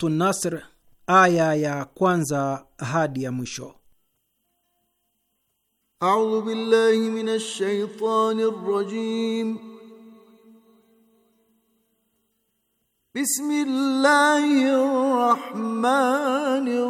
Suratu Nasr aya ya kwanza hadi ya mwisho. A'udhu billahi minash shaitani rrajim. Bismillahir rahmanir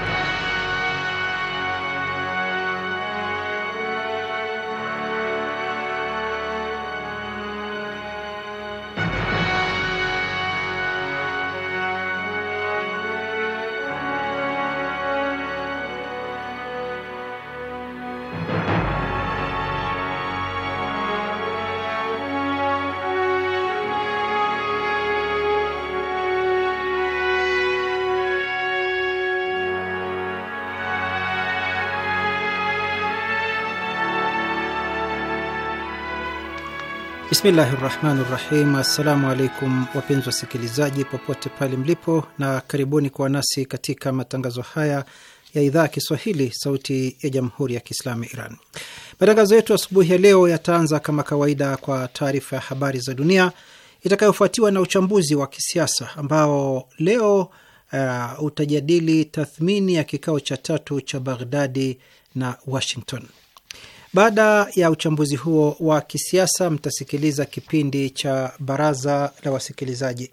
Bismillahi rahmani rahim. Assalamu alaikum wapenzi wasikilizaji popote pale mlipo, na karibuni kwa nasi katika matangazo haya ya idhaa ya Kiswahili sauti ya jamhuri ya kiislamu ya Iran. Matangazo yetu asubuhi ya leo yataanza kama kawaida kwa taarifa ya habari za dunia itakayofuatiwa na uchambuzi wa kisiasa ambao leo uh, utajadili tathmini ya kikao cha tatu cha Baghdadi na Washington. Baada ya uchambuzi huo wa kisiasa, mtasikiliza kipindi cha baraza la wasikilizaji.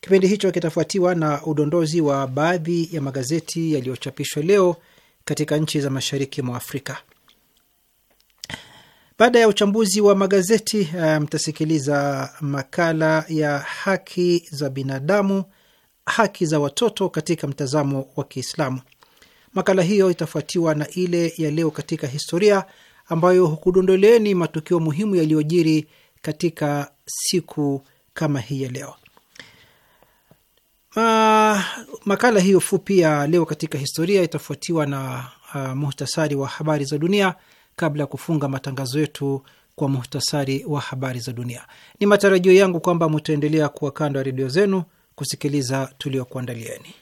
Kipindi hicho kitafuatiwa na udondozi wa baadhi ya magazeti yaliyochapishwa leo katika nchi za mashariki mwa Afrika. Baada ya uchambuzi wa magazeti, eh, mtasikiliza makala ya haki za binadamu, haki za watoto katika mtazamo wa Kiislamu. Makala hiyo itafuatiwa na ile ya leo katika historia ambayo hukudondoleeni matukio muhimu yaliyojiri katika siku kama hii ya leo. Ma, ah, makala hiyo fupi ya leo katika historia itafuatiwa na uh, muhtasari wa habari za dunia kabla ya kufunga matangazo yetu kwa muhtasari wa habari za dunia. Ni matarajio yangu kwamba mutaendelea kuwa kando ya redio zenu kusikiliza tuliokuandalieni.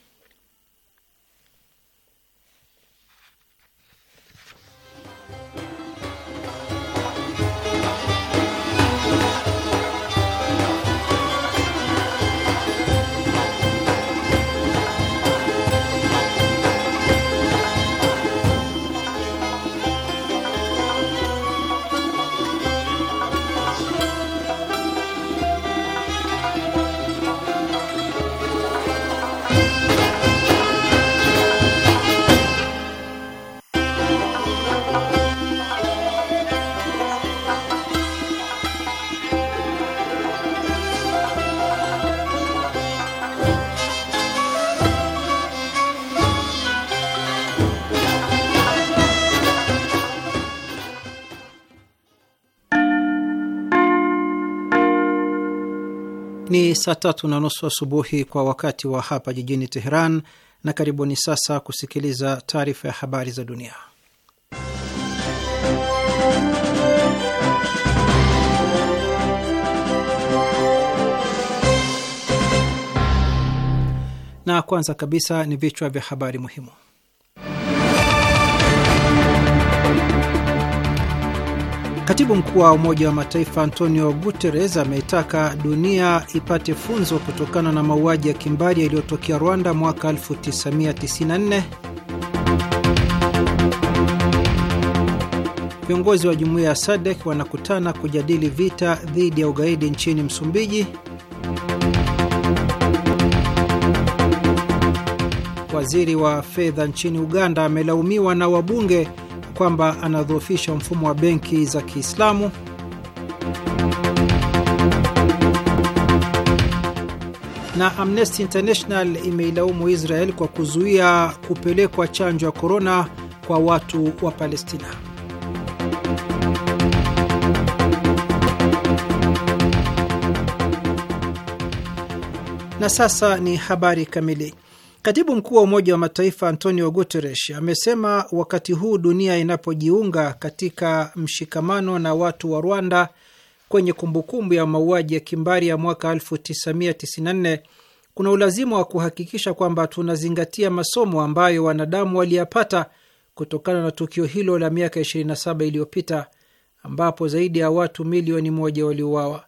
Ni saa tatu na nusu asubuhi kwa wakati wa hapa jijini Teheran, na karibuni sasa kusikiliza taarifa ya habari za dunia. Na kwanza kabisa ni vichwa vya habari muhimu. Katibu mkuu wa Umoja wa Mataifa Antonio Guterres ametaka dunia ipate funzo kutokana na mauaji ya kimbari yaliyotokea Rwanda mwaka 1994. Viongozi wa jumuiya ya SADC wanakutana kujadili vita dhidi ya ugaidi nchini Msumbiji. Waziri wa fedha nchini Uganda amelaumiwa na wabunge kwamba anadhoofisha mfumo wa benki za Kiislamu. Na Amnesty International imeilaumu Israel kwa kuzuia kupelekwa chanjo ya korona kwa watu wa Palestina. Na sasa ni habari kamili. Katibu mkuu wa Umoja wa Mataifa Antonio Guterres amesema wakati huu dunia inapojiunga katika mshikamano na watu wa Rwanda kwenye kumbukumbu ya mauaji ya kimbari ya mwaka 1994 kuna ulazima wa kuhakikisha kwamba tunazingatia masomo ambayo wanadamu waliyapata kutokana na tukio hilo la miaka 27 iliyopita ambapo zaidi ya watu milioni moja waliuawa.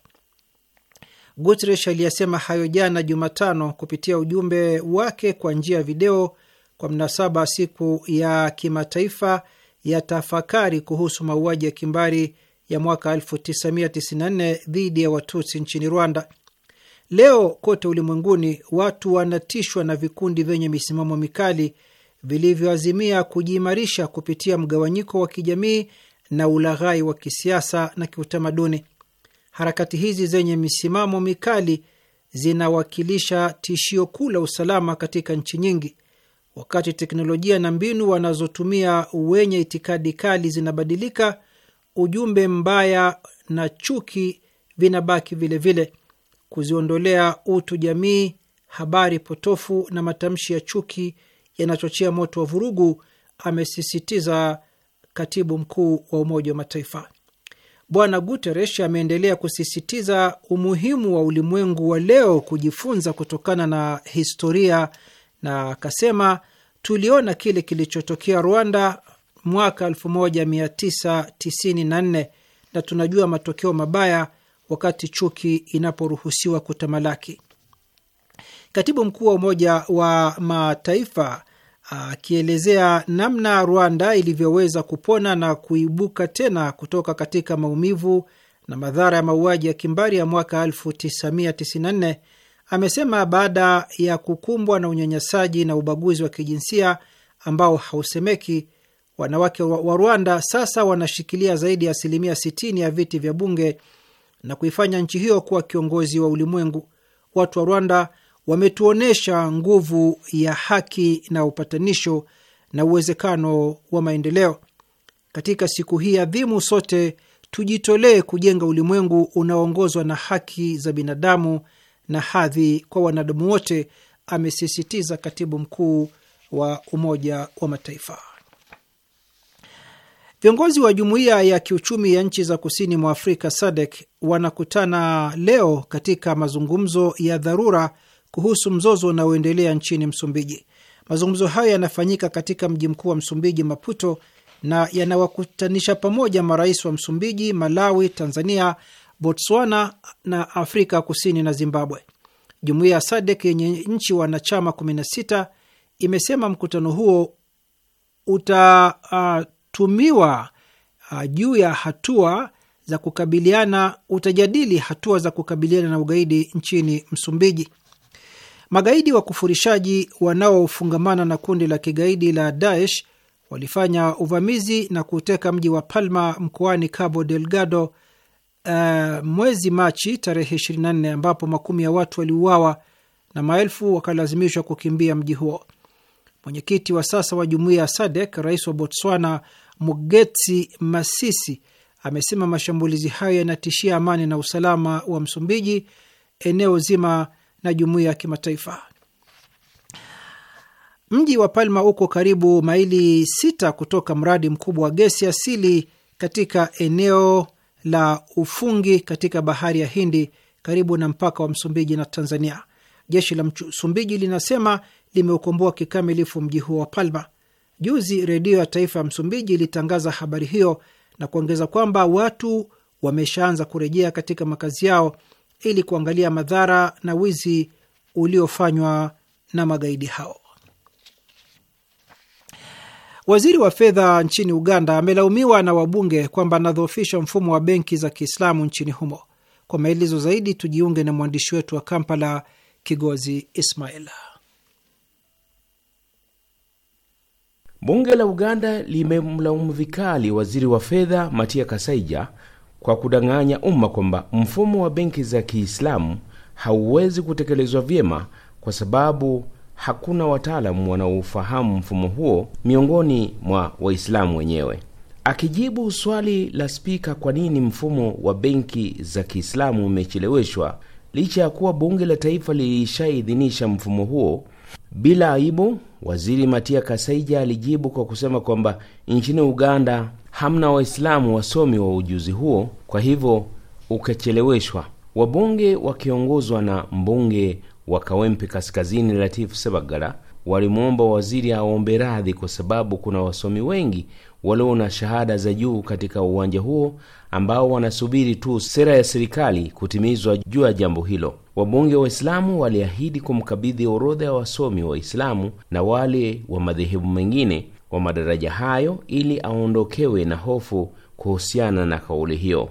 Guterres aliyasema hayo jana Jumatano kupitia ujumbe wake kwa njia ya video kwa mnasaba siku ya kimataifa ya tafakari kuhusu mauaji ya kimbari ya mwaka 1994 dhidi ya Watutsi nchini Rwanda. Leo kote ulimwenguni watu wanatishwa na vikundi vyenye misimamo mikali vilivyoazimia kujiimarisha kupitia mgawanyiko wa kijamii na ulaghai wa kisiasa na kiutamaduni. Harakati hizi zenye misimamo mikali zinawakilisha tishio kuu la usalama katika nchi nyingi. Wakati teknolojia na mbinu wanazotumia wenye itikadi kali zinabadilika, ujumbe mbaya na chuki vinabaki vilevile vile. Kuziondolea utu jamii, habari potofu na matamshi ya chuki yanachochea moto wa vurugu, amesisitiza katibu mkuu wa Umoja wa Mataifa. Bwana Guterres ameendelea kusisitiza umuhimu wa ulimwengu wa leo kujifunza kutokana na historia, na akasema tuliona kile kilichotokea Rwanda mwaka 1994 na tunajua matokeo mabaya wakati chuki inaporuhusiwa kutamalaki. Katibu mkuu wa Umoja wa Mataifa akielezea namna Rwanda ilivyoweza kupona na kuibuka tena kutoka katika maumivu na madhara ya mauaji ya kimbari ya mwaka 1994 amesema baada ya kukumbwa na unyanyasaji na ubaguzi wa kijinsia ambao hausemeki, wanawake wa Rwanda sasa wanashikilia zaidi ya asilimia 60 ya viti vya bunge na kuifanya nchi hiyo kuwa kiongozi wa ulimwengu. Watu wa Rwanda wametuonyesha nguvu ya haki na upatanisho na uwezekano wa maendeleo. Katika siku hii adhimu, sote tujitolee kujenga ulimwengu unaoongozwa na haki za binadamu na hadhi kwa wanadamu wote, amesisitiza katibu mkuu wa Umoja wa Mataifa. Viongozi wa Jumuiya ya Kiuchumi ya Nchi za Kusini mwa Afrika SADC wanakutana leo katika mazungumzo ya dharura kuhusu mzozo unaoendelea nchini Msumbiji. Mazungumzo hayo yanafanyika katika mji mkuu wa Msumbiji, Maputo, na yanawakutanisha pamoja marais wa Msumbiji, Malawi, Tanzania, Botswana na Afrika Kusini na Zimbabwe. Jumuiya ya sadek yenye nchi wanachama 16 imesema mkutano huo utatumiwa uh, uh, juu ya hatua za kukabiliana utajadili hatua za kukabiliana na ugaidi nchini Msumbiji. Magaidi wa kufurishaji wanaofungamana na kundi la kigaidi la Daesh walifanya uvamizi na kuteka mji wa Palma mkoani Cabo Delgado uh, mwezi Machi tarehe 24 ambapo makumi ya watu waliuawa na maelfu wakalazimishwa kukimbia mji huo. Mwenyekiti wa sasa wa jumuiya ya SADC, rais wa Botswana Mugetsi Masisi amesema mashambulizi hayo yanatishia amani na usalama wa Msumbiji, eneo zima na jumuiya ya kimataifa. Mji wa Palma uko karibu maili sita kutoka mradi mkubwa wa gesi asili katika eneo la Ufungi katika bahari ya Hindi, karibu na mpaka wa Msumbiji na Tanzania. Jeshi la Msumbiji linasema limeukomboa kikamilifu mji huo wa Palma. Juzi redio ya taifa ya Msumbiji ilitangaza habari hiyo na kuongeza kwamba watu wameshaanza kurejea katika makazi yao ili kuangalia madhara na wizi uliofanywa na magaidi hao. Waziri wa fedha nchini Uganda amelaumiwa na wabunge kwamba anadhoofisha mfumo wa benki za Kiislamu nchini humo. Kwa maelezo zaidi, tujiunge na mwandishi wetu wa Kampala, Kigozi Ismail. Bunge la Uganda limemlaumu vikali waziri wa fedha Matia Kasaija kwa kudanganya umma kwamba mfumo wa benki za Kiislamu hauwezi kutekelezwa vyema kwa sababu hakuna wataalamu wanaofahamu mfumo huo miongoni mwa Waislamu wenyewe. Akijibu swali la spika, kwa nini mfumo wa benki za Kiislamu umecheleweshwa licha ya kuwa bunge la taifa lilishaidhinisha mfumo huo, bila aibu, waziri Matia Kasaija alijibu kwa kusema kwamba nchini Uganda hamna Waislamu wasomi wa ujuzi huo, kwa hivyo ukacheleweshwa. Wabunge wakiongozwa na mbunge wa Kawempe Kaskazini Latifu Sebagala walimwomba waziri aombe radhi kwa sababu kuna wasomi wengi walio na shahada za juu katika uwanja huo ambao wanasubiri tu sera ya serikali kutimizwa juu ya jambo hilo. Wabunge Waislamu waliahidi kumkabidhi orodha ya wasomi Waislamu na wale wa madhehebu mengine wa madaraja hayo ili aondokewe na hofu kuhusiana na kauli hiyo.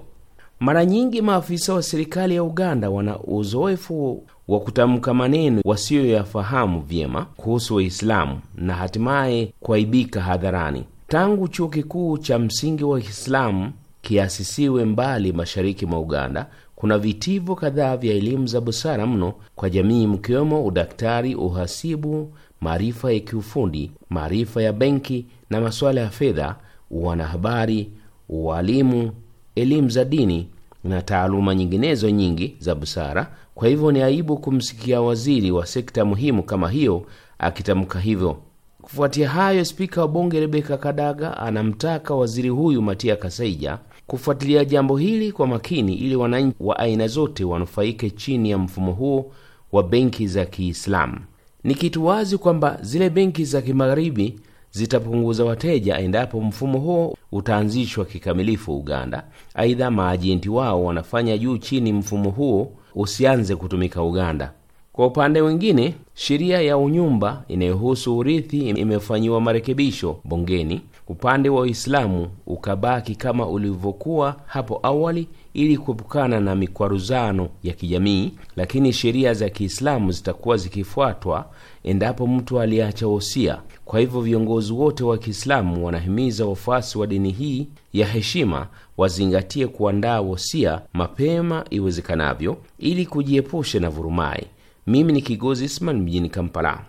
Mara nyingi maafisa wa serikali ya Uganda wana uzoefu wa kutamka maneno wasiyoyafahamu vyema kuhusu Waislamu na hatimaye kuaibika hadharani. Tangu chuo kikuu cha msingi wa Islamu kiasisiwe mbali mashariki mwa Uganda, kuna vitivo kadhaa vya elimu za busara mno kwa jamii, mkiwemo udaktari, uhasibu maarifa ya kiufundi, maarifa ya benki na masuala ya fedha, wanahabari, ualimu, elimu za dini na taaluma nyinginezo nyingi za busara. Kwa hivyo ni aibu kumsikia waziri wa sekta muhimu kama hiyo akitamka hivyo. Kufuatia hayo, spika wa bunge Rebeka Kadaga anamtaka waziri huyu Matia Kasaija kufuatilia jambo hili kwa makini ili wananchi wa aina zote wanufaike chini ya mfumo huo wa benki za Kiislamu. Ni kitu wazi kwamba zile benki za kimagharibi zitapunguza wateja endapo mfumo huo utaanzishwa kikamilifu Uganda. Aidha, maajenti wao wanafanya juu chini mfumo huo usianze kutumika Uganda. Kwa upande mwingine, sheria ya unyumba inayohusu urithi imefanyiwa marekebisho bungeni. Upande wa Uislamu ukabaki kama ulivyokuwa hapo awali, ili kuepukana na mikwaruzano ya kijamii, lakini sheria za Kiislamu zitakuwa zikifuatwa endapo mtu aliacha wosia. Kwa hivyo viongozi wote wa Kiislamu wanahimiza wafuasi wa dini hii ya heshima wazingatie kuandaa wosia mapema iwezekanavyo, ili kujiepusha na vurumai. Mimi ni Kigozi Isman mjini Kampala.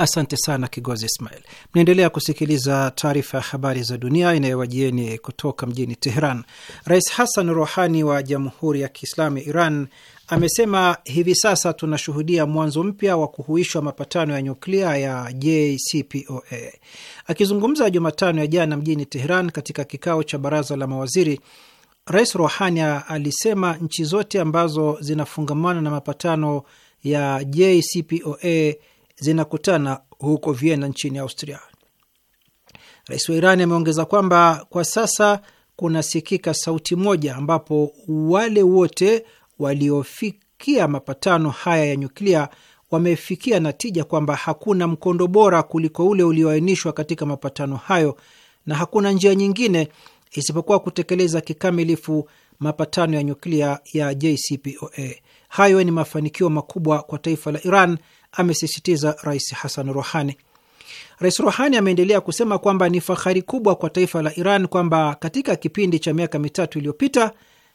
Asante sana Kigozi Ismail. Mnaendelea kusikiliza taarifa ya habari za dunia inayowajieni kutoka mjini Teheran. Rais Hassan Rohani wa Jamhuri ya Kiislamu ya Iran amesema hivi sasa tunashuhudia mwanzo mpya wa kuhuishwa mapatano ya nyuklia ya JCPOA. Akizungumza Jumatano ya jana mjini Teheran katika kikao cha baraza la mawaziri, Rais Rohani alisema nchi zote ambazo zinafungamana na mapatano ya JCPOA zinakutana huko Vienna nchini Austria. Rais wa iran ameongeza kwamba kwa sasa kunasikika sauti moja, ambapo wale wote waliofikia mapatano haya ya nyuklia wamefikia natija kwamba hakuna mkondo bora kuliko ule ulioainishwa katika mapatano hayo na hakuna njia nyingine isipokuwa kutekeleza kikamilifu mapatano ya nyuklia ya JCPOA. Hayo ni mafanikio makubwa kwa taifa la Iran amesisitiza Rais Hassan Rohani. Rais Rohani ameendelea kusema kwamba ni fahari kubwa kwa taifa la Iran kwamba katika kipindi cha miaka mitatu iliyopita,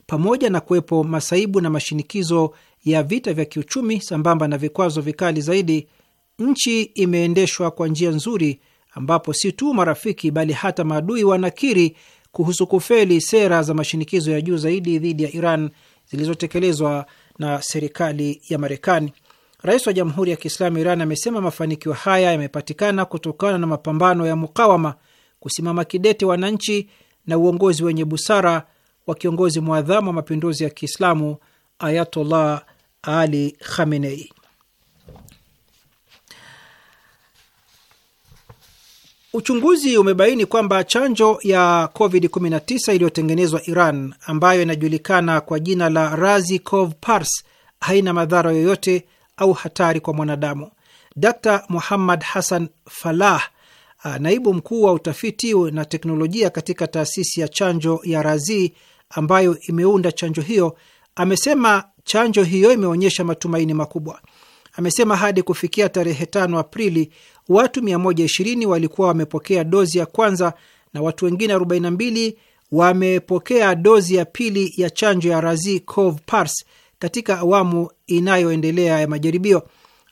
pamoja na kuwepo masaibu na mashinikizo ya vita vya kiuchumi sambamba na vikwazo vikali zaidi, nchi imeendeshwa kwa njia nzuri, ambapo si tu marafiki bali hata maadui wanakiri kuhusu kufeli sera za mashinikizo ya juu zaidi dhidi ya Iran zilizotekelezwa na serikali ya Marekani. Rais wa Jamhuri ya Kiislamu Iran amesema mafanikio haya yamepatikana kutokana na mapambano ya mukawama, kusimama kidete wananchi na uongozi wenye busara wa kiongozi mwadhamu wa mapinduzi ya Kiislamu Ayatollah Ali Khamenei. Uchunguzi umebaini kwamba chanjo ya COVID-19 iliyotengenezwa Iran ambayo inajulikana kwa jina la Razi Cov Pars haina madhara yoyote au hatari kwa mwanadamu. d Muhammad Hassan Falah, naibu mkuu wa utafiti na teknolojia katika taasisi ya chanjo ya Razi ambayo imeunda chanjo hiyo, amesema chanjo hiyo imeonyesha matumaini makubwa. Amesema hadi kufikia tarehe 5 Aprili watu 120 walikuwa wamepokea dozi ya kwanza na watu wengine 42 wamepokea dozi ya pili ya chanjo ya Razi Cov Pars katika awamu inayoendelea ya majaribio.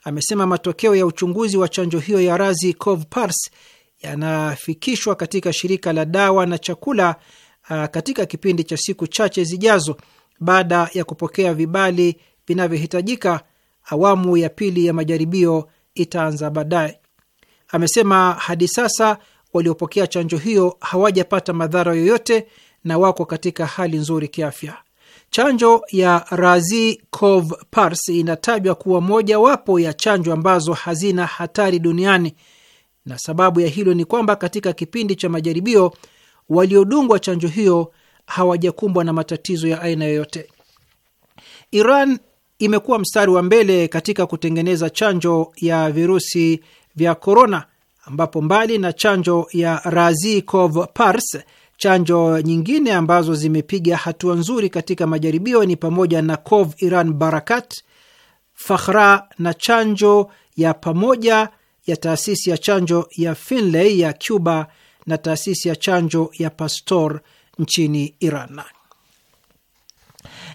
Amesema matokeo ya uchunguzi wa chanjo hiyo ya Razi Cov Pars yanafikishwa katika shirika la dawa na chakula uh, katika kipindi cha siku chache zijazo baada ya kupokea vibali vinavyohitajika. Awamu ya pili ya majaribio itaanza baadaye. Amesema hadi sasa waliopokea chanjo hiyo hawajapata madhara yoyote na wako katika hali nzuri kiafya. Chanjo ya razi cov Pars inatajwa kuwa mojawapo ya chanjo ambazo hazina hatari duniani, na sababu ya hilo ni kwamba katika kipindi cha majaribio waliodungwa chanjo hiyo hawajakumbwa na matatizo ya aina yoyote. Iran imekuwa mstari wa mbele katika kutengeneza chanjo ya virusi vya korona, ambapo mbali na chanjo ya razi cov Pars Chanjo nyingine ambazo zimepiga hatua nzuri katika majaribio ni pamoja na Cov Iran Barakat, Fakhra na chanjo ya pamoja ya taasisi ya chanjo ya Finlay ya Cuba na taasisi ya chanjo ya Pasteur nchini Iran.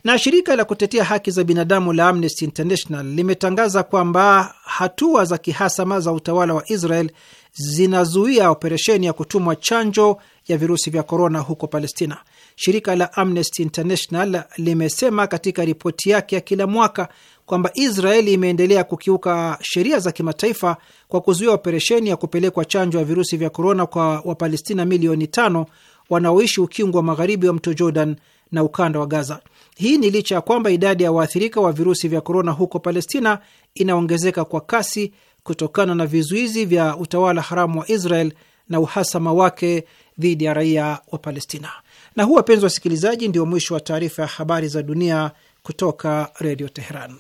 Na shirika la kutetea haki za binadamu la Amnesty International limetangaza kwamba hatua za kihasama za utawala wa Israel zinazuia operesheni ya kutumwa chanjo ya virusi vya korona huko Palestina. Shirika la Amnesty International limesema katika ripoti yake ya kila mwaka kwamba Israeli imeendelea kukiuka sheria za kimataifa kwa kuzuia operesheni ya kupelekwa chanjo ya virusi vya korona kwa Wapalestina milioni tano wanaoishi ukingo wa magharibi wa mto Jordan na ukanda wa Gaza. Hii ni licha ya kwamba idadi ya waathirika wa virusi vya korona huko Palestina inaongezeka kwa kasi kutokana na vizuizi vya utawala haramu wa Israel na uhasama wake dhidi ya raia wa Palestina. Na huu, wapenzi wa wasikilizaji, ndio mwisho wa taarifa ya habari za dunia kutoka Redio Teheran.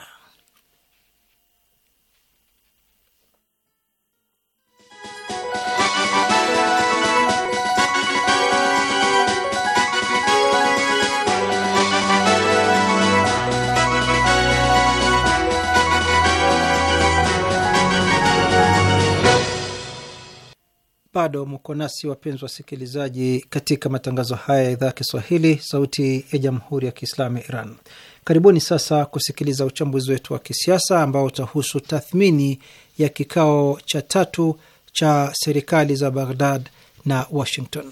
Bado mko nasi wapenzi wasikilizaji, katika matangazo haya ya idhaa ya Kiswahili, sauti ya jamhuri ya kiislamu ya Iran. Karibuni sasa kusikiliza uchambuzi wetu wa kisiasa ambao utahusu tathmini ya kikao cha tatu cha serikali za Baghdad na Washington.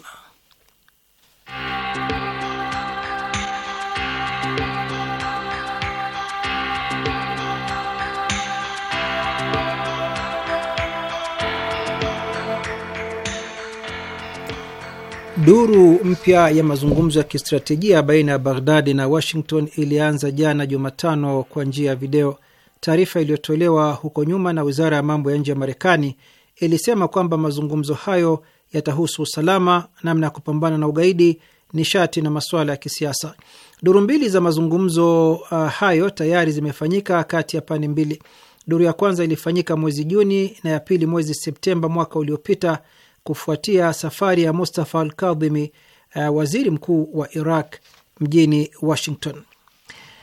Duru mpya ya mazungumzo ya kistratejia baina ya Baghdadi na Washington ilianza jana Jumatano kwa njia ya video. Taarifa iliyotolewa huko nyuma na wizara ya mambo ya nje ya Marekani ilisema kwamba mazungumzo hayo yatahusu usalama, namna ya kupambana na ugaidi, nishati na masuala ya kisiasa. Duru mbili za mazungumzo uh, hayo tayari zimefanyika kati ya pande mbili. Duru ya kwanza ilifanyika mwezi Juni na ya pili mwezi Septemba mwaka uliopita kufuatia safari ya Mustafa al Kadhimi, uh, eh, waziri mkuu wa Iraq mjini Washington.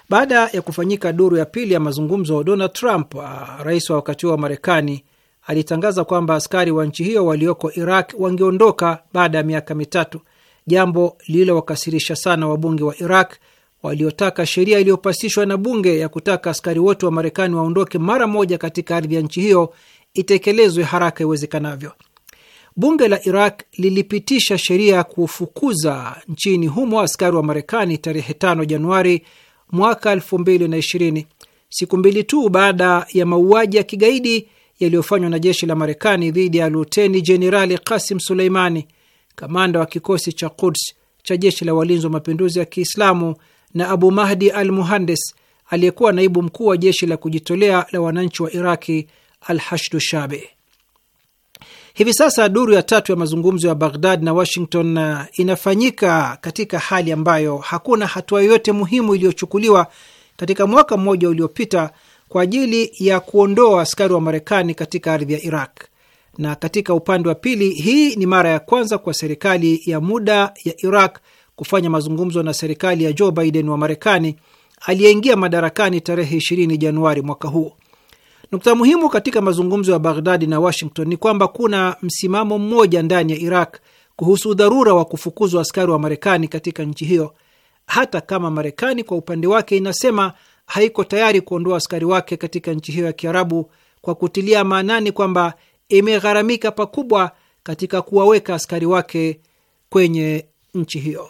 Baada ya kufanyika duru ya pili ya mazungumzo, Donald Trump, uh, rais wa wakati huo wa Marekani, alitangaza kwamba askari wa nchi hiyo walioko Iraq wangeondoka baada ya miaka mitatu, jambo lililowakasirisha sana wabunge wa Iraq waliotaka sheria iliyopasishwa na bunge ya kutaka askari wote wa Marekani waondoke mara moja katika ardhi ya nchi hiyo itekelezwe haraka iwezekanavyo. Bunge la Iraq lilipitisha sheria ya kufukuza nchini humo askari wa Marekani tarehe 5 Januari mwaka 2020, siku mbili tu baada ya mauaji ya kigaidi yaliyofanywa na jeshi la Marekani dhidi ya luteni jenerali Qasim Suleimani, kamanda wa kikosi cha Quds cha jeshi la walinzi wa mapinduzi ya Kiislamu, na Abu Mahdi al Muhandes aliyekuwa naibu mkuu wa jeshi la kujitolea la wananchi wa Iraki al Hashdu Shabi. Hivi sasa duru ya tatu ya mazungumzo ya Baghdad na Washington uh, inafanyika katika hali ambayo hakuna hatua yoyote muhimu iliyochukuliwa katika mwaka mmoja uliopita kwa ajili ya kuondoa askari wa Marekani katika ardhi ya Iraq. Na katika upande wa pili, hii ni mara ya kwanza kwa serikali ya muda ya Iraq kufanya mazungumzo na serikali ya Joe Biden wa Marekani aliyeingia madarakani tarehe 20 Januari mwaka huu. Nukta muhimu katika mazungumzo ya Baghdadi na Washington ni kwamba kuna msimamo mmoja ndani ya Iraq kuhusu udharura wa kufukuzwa askari wa Marekani katika nchi hiyo, hata kama Marekani kwa upande wake inasema haiko tayari kuondoa askari wake katika nchi hiyo ya Kiarabu, kwa kutilia maanani kwamba imegharamika pakubwa katika kuwaweka askari wake kwenye nchi hiyo.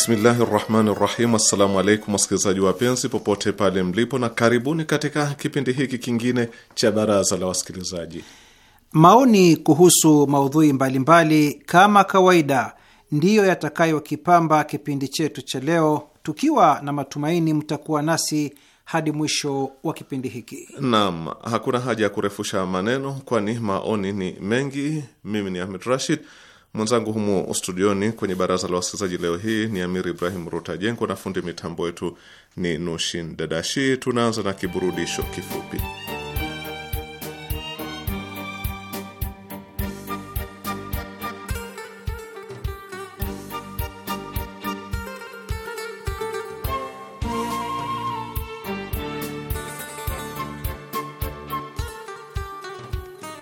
Bismillahi rahmani rahim. Assalamu alaikum wasikilizaji wapenzi popote pale mlipo, na karibuni katika kipindi hiki kingine cha baraza la wasikilizaji. Maoni kuhusu maudhui mbalimbali mbali, kama kawaida ndiyo yatakayokipamba kipindi chetu cha leo, tukiwa na matumaini mtakuwa nasi hadi mwisho wa kipindi hiki. Naam, hakuna haja ya kurefusha maneno, kwani maoni ni mengi. Mimi ni Ahmed Rashid Mwenzangu humu studioni kwenye baraza la wasikilizaji leo hii ni Amir Ibrahim Ruta Jengo na fundi mitambo wetu ni Nushin Dadashi. Tunaanza na kiburudisho kifupi.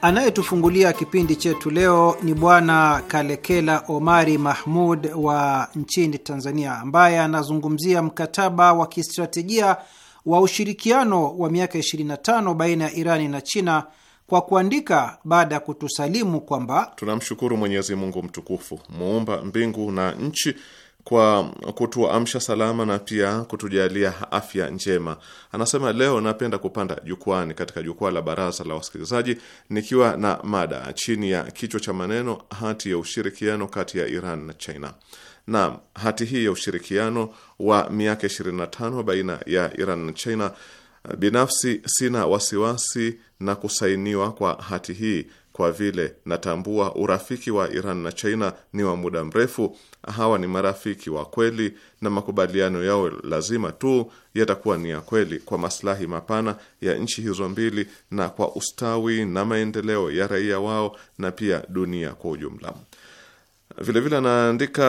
Anayetufungulia kipindi chetu leo ni Bwana Kalekela Omari Mahmud wa nchini Tanzania, ambaye anazungumzia mkataba wa kistratejia wa ushirikiano wa miaka 25 baina ya Irani na China kwa kuandika baada ya kutusalimu kwamba tunamshukuru Mwenyezi Mungu mtukufu muumba mbingu na nchi kwa kutuamsha salama na pia kutujalia afya njema. Anasema leo napenda kupanda jukwani katika jukwaa la baraza la wasikilizaji nikiwa na mada chini ya kichwa cha maneno hati ya ushirikiano kati ya Iran na China. Naam, hati hii ya ushirikiano wa miaka 25 baina ya Iran na China, binafsi sina wasiwasi na kusainiwa kwa hati hii kwa vile natambua urafiki wa Iran na China ni wa muda mrefu hawa ni marafiki wa kweli na makubaliano yao lazima tu yatakuwa ni ya kweli kwa maslahi mapana ya nchi hizo mbili na kwa ustawi na maendeleo ya raia wao na pia dunia kwa ujumla. Vilevile anaandika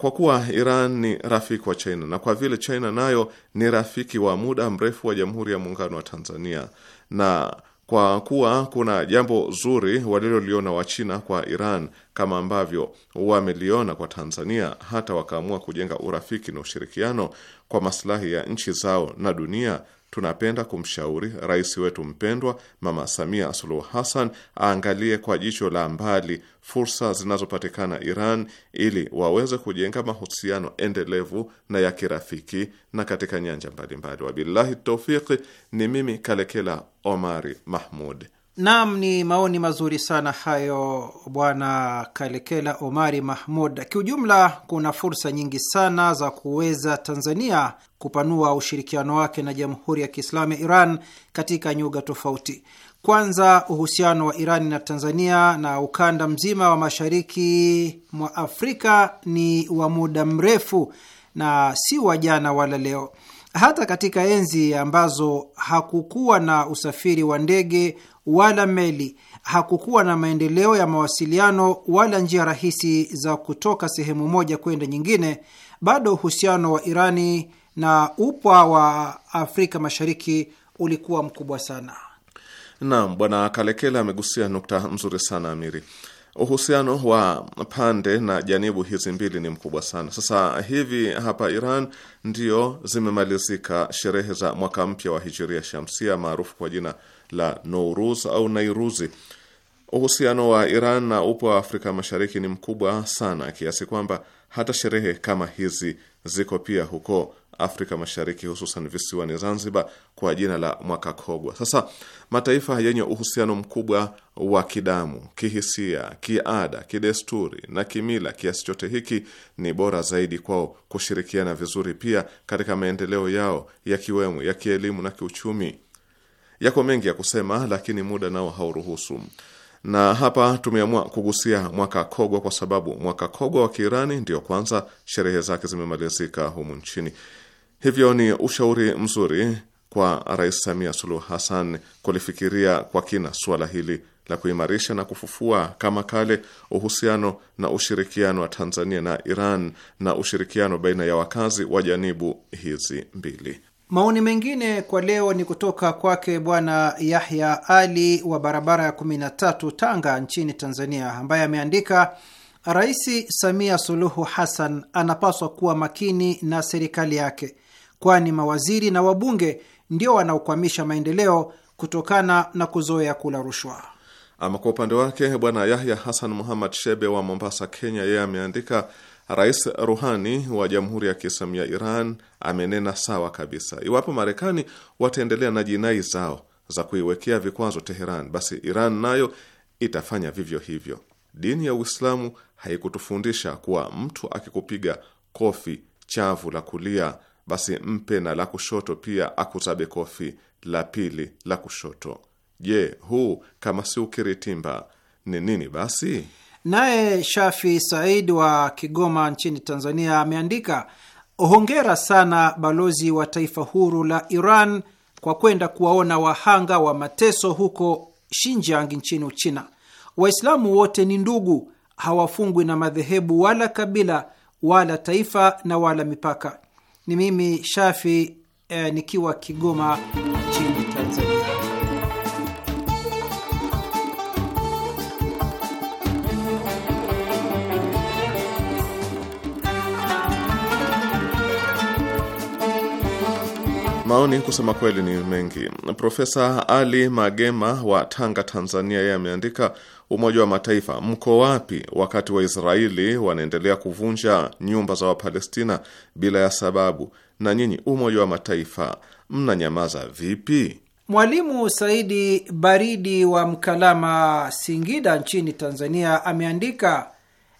kwa kuwa Iran ni rafiki wa China na kwa vile China nayo ni rafiki wa muda mrefu wa Jamhuri ya Muungano wa Tanzania na kwa kuwa kuna jambo zuri waliloliona Wachina kwa Iran kama ambavyo wameliona kwa Tanzania, hata wakaamua kujenga urafiki na ushirikiano kwa maslahi ya nchi zao na dunia tunapenda kumshauri rais wetu mpendwa Mama Samia Suluhu Hassan aangalie kwa jicho la mbali fursa zinazopatikana Iran ili waweze kujenga mahusiano endelevu na ya kirafiki na katika nyanja mbalimbali. Wabillahi taufiki. Ni mimi Kalekela Omari Mahmud. Naam, ni maoni mazuri sana hayo, Bwana Kalekela Omari Mahmud. Kiujumla, kuna fursa nyingi sana za kuweza Tanzania kupanua ushirikiano wake na Jamhuri ya Kiislamu ya Iran katika nyuga tofauti. Kwanza, uhusiano wa Iran na Tanzania na ukanda mzima wa mashariki mwa Afrika ni wa muda mrefu na si wa jana wala leo. Hata katika enzi ambazo hakukuwa na usafiri wa ndege wala meli. Hakukuwa na maendeleo ya mawasiliano wala njia rahisi za kutoka sehemu moja kwenda nyingine. Bado uhusiano wa Irani na upwa wa Afrika Mashariki ulikuwa mkubwa sana. Naam, Bwana Kalekela amegusia nukta mzuri sana Amiri. Uhusiano wa pande na janibu hizi mbili ni mkubwa sana. Sasa hivi hapa Iran ndio zimemalizika sherehe za mwaka mpya wa hijiria shamsia maarufu kwa jina la Nouruz au Nairuzi. Uhusiano wa Iran na upo wa Afrika Mashariki ni mkubwa sana kiasi kwamba hata sherehe kama hizi ziko pia huko Afrika Mashariki, hususan visiwani Zanzibar kwa jina la mwaka kogwa. Sasa mataifa yenye uhusiano mkubwa wa kidamu, kihisia, kiada, kidesturi na kimila kiasi chote hiki, ni bora zaidi kwao kushirikiana vizuri pia katika maendeleo yao ya ya kielimu na kiuchumi. Yako mengi ya kusema, lakini muda nao hauruhusu. Na hapa tumeamua kugusia mwaka kogwa, kwa sababu mwaka kogwa wa Kiirani ndio kwanza sherehe zake zimemalizika humu nchini. Hivyo ni ushauri mzuri kwa Rais Samia Suluhu Hassan kulifikiria kwa kina suala hili la kuimarisha na kufufua kama kale uhusiano na ushirikiano wa Tanzania na Iran na ushirikiano baina ya wakazi wa janibu hizi mbili. Maoni mengine kwa leo ni kutoka kwake Bwana Yahya Ali wa barabara ya 13 Tanga nchini Tanzania, ambaye ameandika Rais Samia Suluhu Hassan anapaswa kuwa makini na serikali yake, kwani mawaziri na wabunge ndio wanaokwamisha maendeleo kutokana na kuzoea kula rushwa. Ama kwa upande wake Bwana Yahya Hassan Muhammad Shebe wa Mombasa, Kenya, yeye ameandika Rais Ruhani wa Jamhuri ya Kiislamu ya Iran amenena sawa kabisa. Iwapo Marekani wataendelea na jinai zao za kuiwekea vikwazo Teheran, basi Iran nayo itafanya vivyo hivyo. Dini ya Uislamu haikutufundisha kuwa mtu akikupiga kofi chavu la kulia, basi mpe na la kushoto pia akuzabe kofi la pili la kushoto. Je, huu kama si ukiritimba ni nini basi? Naye Shafi Said wa Kigoma nchini Tanzania ameandika hongera sana balozi wa taifa huru la Iran kwa kwenda kuwaona wahanga wa mateso huko Xinjiang nchini Uchina. Waislamu wote ni ndugu, hawafungwi na madhehebu wala kabila wala taifa na wala mipaka. Ni mimi Shafi eh, nikiwa Kigoma nchini Maoni kusema kweli ni mengi. Profesa Ali Magema wa Tanga, Tanzania, yeye ameandika, Umoja wa Mataifa, mko wapi wakati Waisraeli wanaendelea kuvunja nyumba za Wapalestina bila ya sababu? Na nyinyi Umoja wa Mataifa mnanyamaza vipi? Mwalimu Saidi Baridi wa Mkalama, Singida, nchini Tanzania, ameandika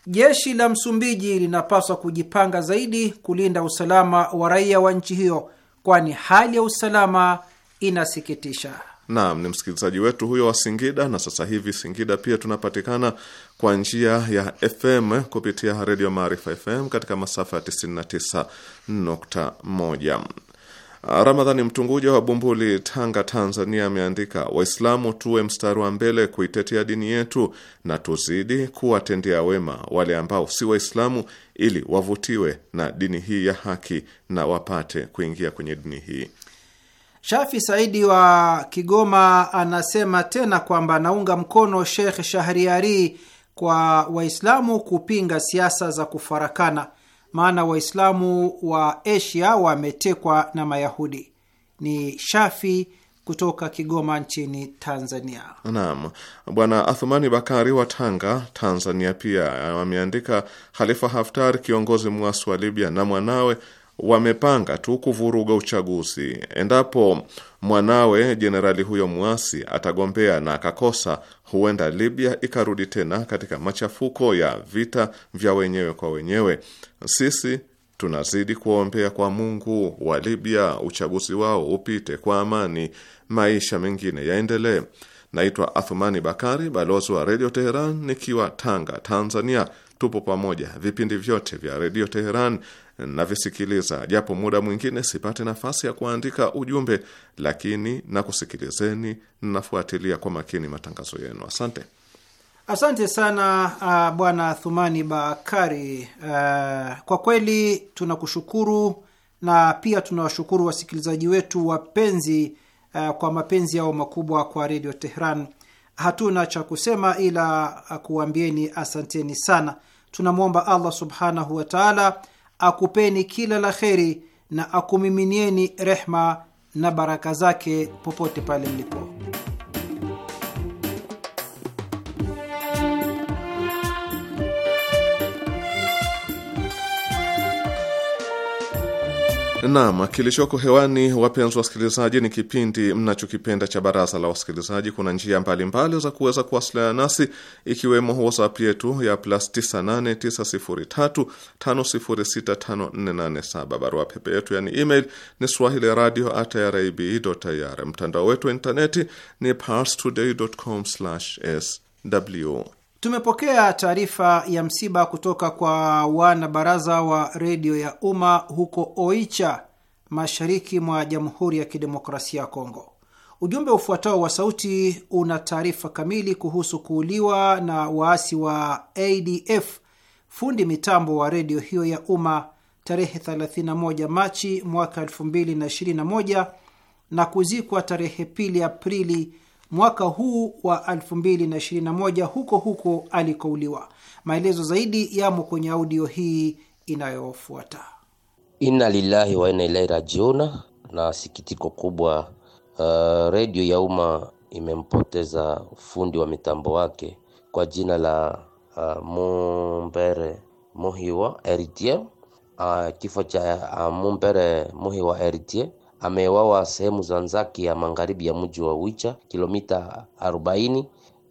jeshi la Msumbiji linapaswa kujipanga zaidi kulinda usalama wa raia wa nchi hiyo kwani hali ya usalama inasikitisha. Naam, ni msikilizaji wetu huyo wa Singida. Na sasa hivi Singida pia tunapatikana kwa njia ya FM kupitia Redio Maarifa FM katika masafa ya 99.1. Uh, Ramadhani Mtunguja wa Bumbuli, Tanga, Tanzania ameandika, Waislamu tuwe mstari wa mbele kuitetea dini yetu na tuzidi kuwatendea wema wale ambao si Waislamu ili wavutiwe na dini hii ya haki na wapate kuingia kwenye dini hii. Shafi Saidi wa Kigoma anasema tena kwamba anaunga mkono Sheikh Shahriari kwa Waislamu kupinga siasa za kufarakana maana Waislamu wa Asia wametekwa na Mayahudi. Ni Shafi kutoka Kigoma nchini Tanzania. Naam, Bwana Athumani Bakari wa Tanga, Tanzania pia eh, ameandika, Khalifa Haftar kiongozi mwasi wa Libya na mwanawe wamepanga tu kuvuruga uchaguzi endapo mwanawe jenerali huyo mwasi atagombea na akakosa, huenda Libya ikarudi tena katika machafuko ya vita vya wenyewe kwa wenyewe. Sisi tunazidi kuwaombea kwa Mungu wa Libya uchaguzi wao upite kwa amani, maisha mengine yaendelee. Naitwa Athumani Bakari, balozi wa Redio Teheran nikiwa Tanga, Tanzania. Tupo pamoja vipindi vyote vya Redio Teheran navisikiliza, japo muda mwingine sipate nafasi ya kuandika ujumbe, lakini nakusikilizeni, nafuatilia kwa makini matangazo yenu. Asante, asante sana uh, Bwana Thumani Bakari. Uh, kwa kweli tunakushukuru na pia tunawashukuru wasikilizaji wetu wapenzi uh, kwa mapenzi yao makubwa kwa Redio Tehran. Hatuna cha kusema ila uh, kuwambieni asanteni sana. Tunamwomba Allah subhanahu wataala akupeni kila la kheri na akumiminieni rehma na baraka zake popote pale mlipo. Naam, kilichoko hewani wapenzi wasikilizaji, ni kipindi mnachokipenda cha Baraza la Wasikilizaji. Kuna njia mbalimbali mbali za kuweza kuwasiliana nasi, ikiwemo WhatsApp yetu ya plus 989035065487, barua pepe yetu yani email ni swahili radio at irib mtandao wetu wa intaneti ni parstoday.com/sw Tumepokea taarifa ya msiba kutoka kwa wanabaraza wa redio ya umma huko Oicha, mashariki mwa Jamhuri ya Kidemokrasia ya Kongo. Ujumbe ufuatao wa sauti una taarifa kamili kuhusu kuuliwa na waasi wa ADF fundi mitambo wa redio hiyo ya umma tarehe 31 Machi mwaka 2021 na kuzikwa tarehe pili Aprili mwaka huu wa 2021 huko huko alikouliwa. Maelezo zaidi yamo kwenye audio hii inayofuata. Inna lillahi wa inna ilaihi rajiuna. Na sikitiko kubwa, uh, redio ya umma imempoteza fundi wa mitambo wake kwa jina la uh, Mumbere Muhiwa RTM. Uh, kifo cha uh, Mumbere Muhiwa RTM ameuawa sehemu za Nzaki ya magharibi ya mji wa Wicha kilomita 40 uh,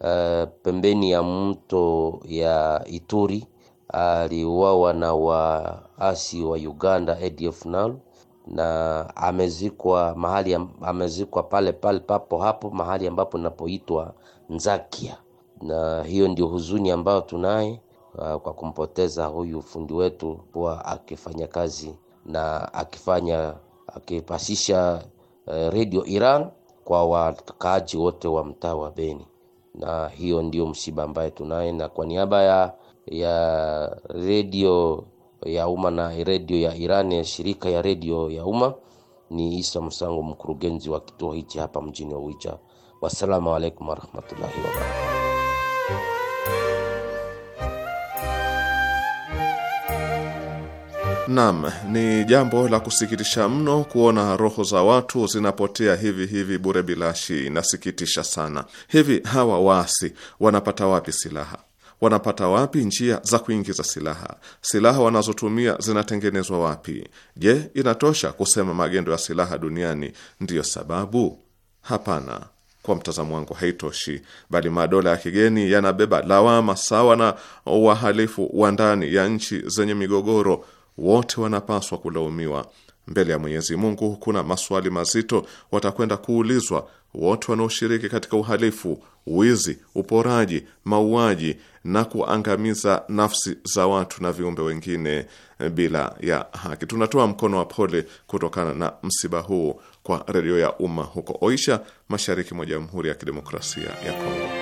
eh, pembeni ya mto ya Ituri. Aliuawa na waasi wa Uganda ADF NALU na amezikwa mahali amezikwa pale pale papo hapo mahali ambapo napoitwa Nzakia, na hiyo ndio huzuni ambayo tunaye uh, kwa kumpoteza huyu fundi wetu, kuwa akifanya kazi na akifanya akipasisha uh, eh, redio Iran kwa wakaaji wote wa mtaa wa Beni, na hiyo ndio msiba ambaye tunaye, na kwa niaba ya ya redio ya umma na redio ya Iran ya shirika ya redio ya umma ni Isa Msango, mkurugenzi wa kituo hichi hapa mjini Oicha. Wassalamu alaikum warahmatullahi wabarakatuh. Naam, ni jambo la kusikitisha mno kuona roho za watu zinapotea hivi hivi bure bila shi. Inasikitisha sana. Hivi hawa waasi wanapata wapi silaha? Wanapata wapi njia za kuingiza silaha? Silaha wanazotumia zinatengenezwa wapi? Je, inatosha kusema magendo ya silaha duniani ndiyo sababu? Hapana. Kwa mtazamo wangu haitoshi, bali madola ya kigeni yanabeba lawama sawa na wahalifu wa ndani ya nchi zenye migogoro wote wanapaswa kulaumiwa mbele ya Mwenyezi Mungu. Kuna maswali mazito watakwenda kuulizwa wote wanaoshiriki katika uhalifu, wizi, uporaji, mauaji na kuangamiza nafsi za watu na viumbe wengine bila ya haki. Tunatoa mkono wa pole kutokana na msiba huu kwa redio ya umma huko Oisha, mashariki mwa Jamhuri ya Kidemokrasia ya Kongo.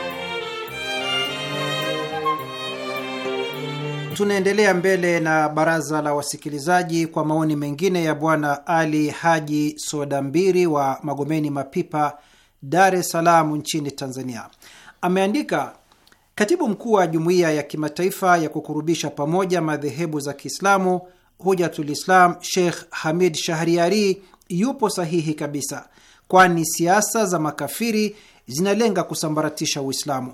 Tunaendelea mbele na baraza la wasikilizaji kwa maoni mengine ya Bwana Ali Haji Soda Mbiri wa Magomeni Mapipa, Dar es Salaam nchini Tanzania. Ameandika, katibu mkuu wa jumuiya ya kimataifa ya kukurubisha pamoja madhehebu za Kiislamu, Hujatul Islam Sheikh Hamid Shahriari yupo sahihi kabisa, kwani siasa za makafiri zinalenga kusambaratisha Uislamu.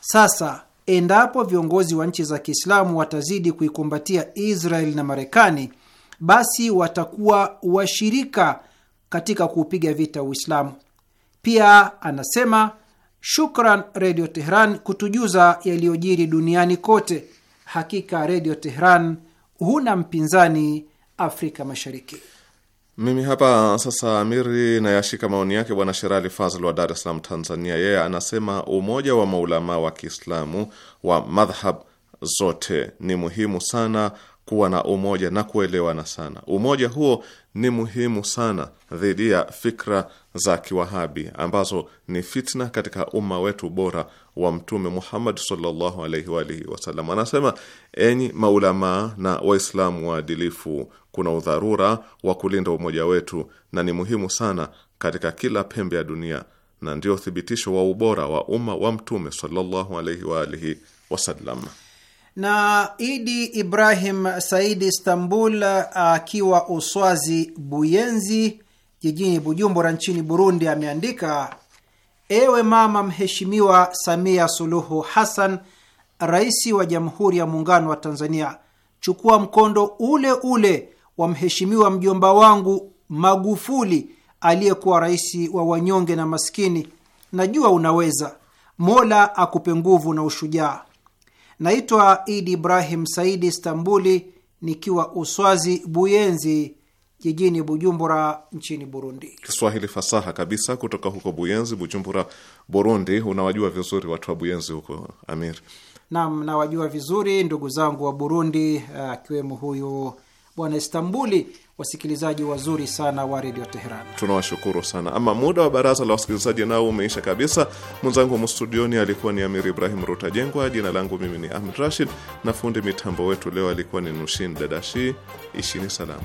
Sasa endapo viongozi wa nchi za Kiislamu watazidi kuikumbatia israel na Marekani, basi watakuwa washirika katika kuupiga vita Uislamu. Pia anasema shukran Redio Tehran kutujuza yaliyojiri duniani kote. Hakika Redio Tehran huna mpinzani Afrika Mashariki. Mimi hapa sasa amiri nayashika maoni yake Bwana Sherali Fazl wa Dar es Salaam, Tanzania. Yeye yeah, anasema umoja wa maulamaa wa Kiislamu wa madhhab zote ni muhimu sana kuwa na umoja na kuelewana sana. Umoja huo ni muhimu sana dhidi ya fikra za kiwahabi ambazo ni fitna katika umma wetu bora wa Mtume Muhammad sallallahu alaihi wa alihi wasallam. Anasema, enyi maulamaa na Waislamu waadilifu, kuna udharura wa kulinda umoja wetu na ni muhimu sana katika kila pembe ya dunia, na ndio thibitisho wa ubora wa umma wa Mtume sallallahu alaihi wa alihi wasallam. Na Idi Ibrahim Saidi Istanbul akiwa Uswazi Buyenzi jijini Bujumbura nchini Burundi ameandika Ewe mama mheshimiwa Samia Suluhu Hassan, rais wa Jamhuri ya Muungano wa Tanzania, chukua mkondo ule ule wa mheshimiwa mjomba wangu Magufuli aliyekuwa rais wa wanyonge na maskini. Najua unaweza. Mola akupe nguvu na ushujaa. Naitwa Idi Ibrahim Saidi Istambuli, nikiwa Uswazi Buyenzi, jijini Bujumbura nchini Burundi. Kiswahili fasaha kabisa kutoka huko Buyenzi, Bujumbura, Burundi. Unawajua vizuri watu wa Buyenzi huko, Amir? Naam, nawajua vizuri ndugu zangu wa Burundi, akiwemo huyu bwana Istambuli, wasikilizaji wazuri sana wa redio Teheran, tunawashukuru sana. Ama muda wa baraza la wasikilizaji nao umeisha kabisa. Mwenzangu mstudioni alikuwa ni Amir Ibrahim Rutajengwa, jina langu mimi ni Ahmed Rashid, na fundi mitambo wetu leo alikuwa ni Nushin Dadashi. Ishini salama.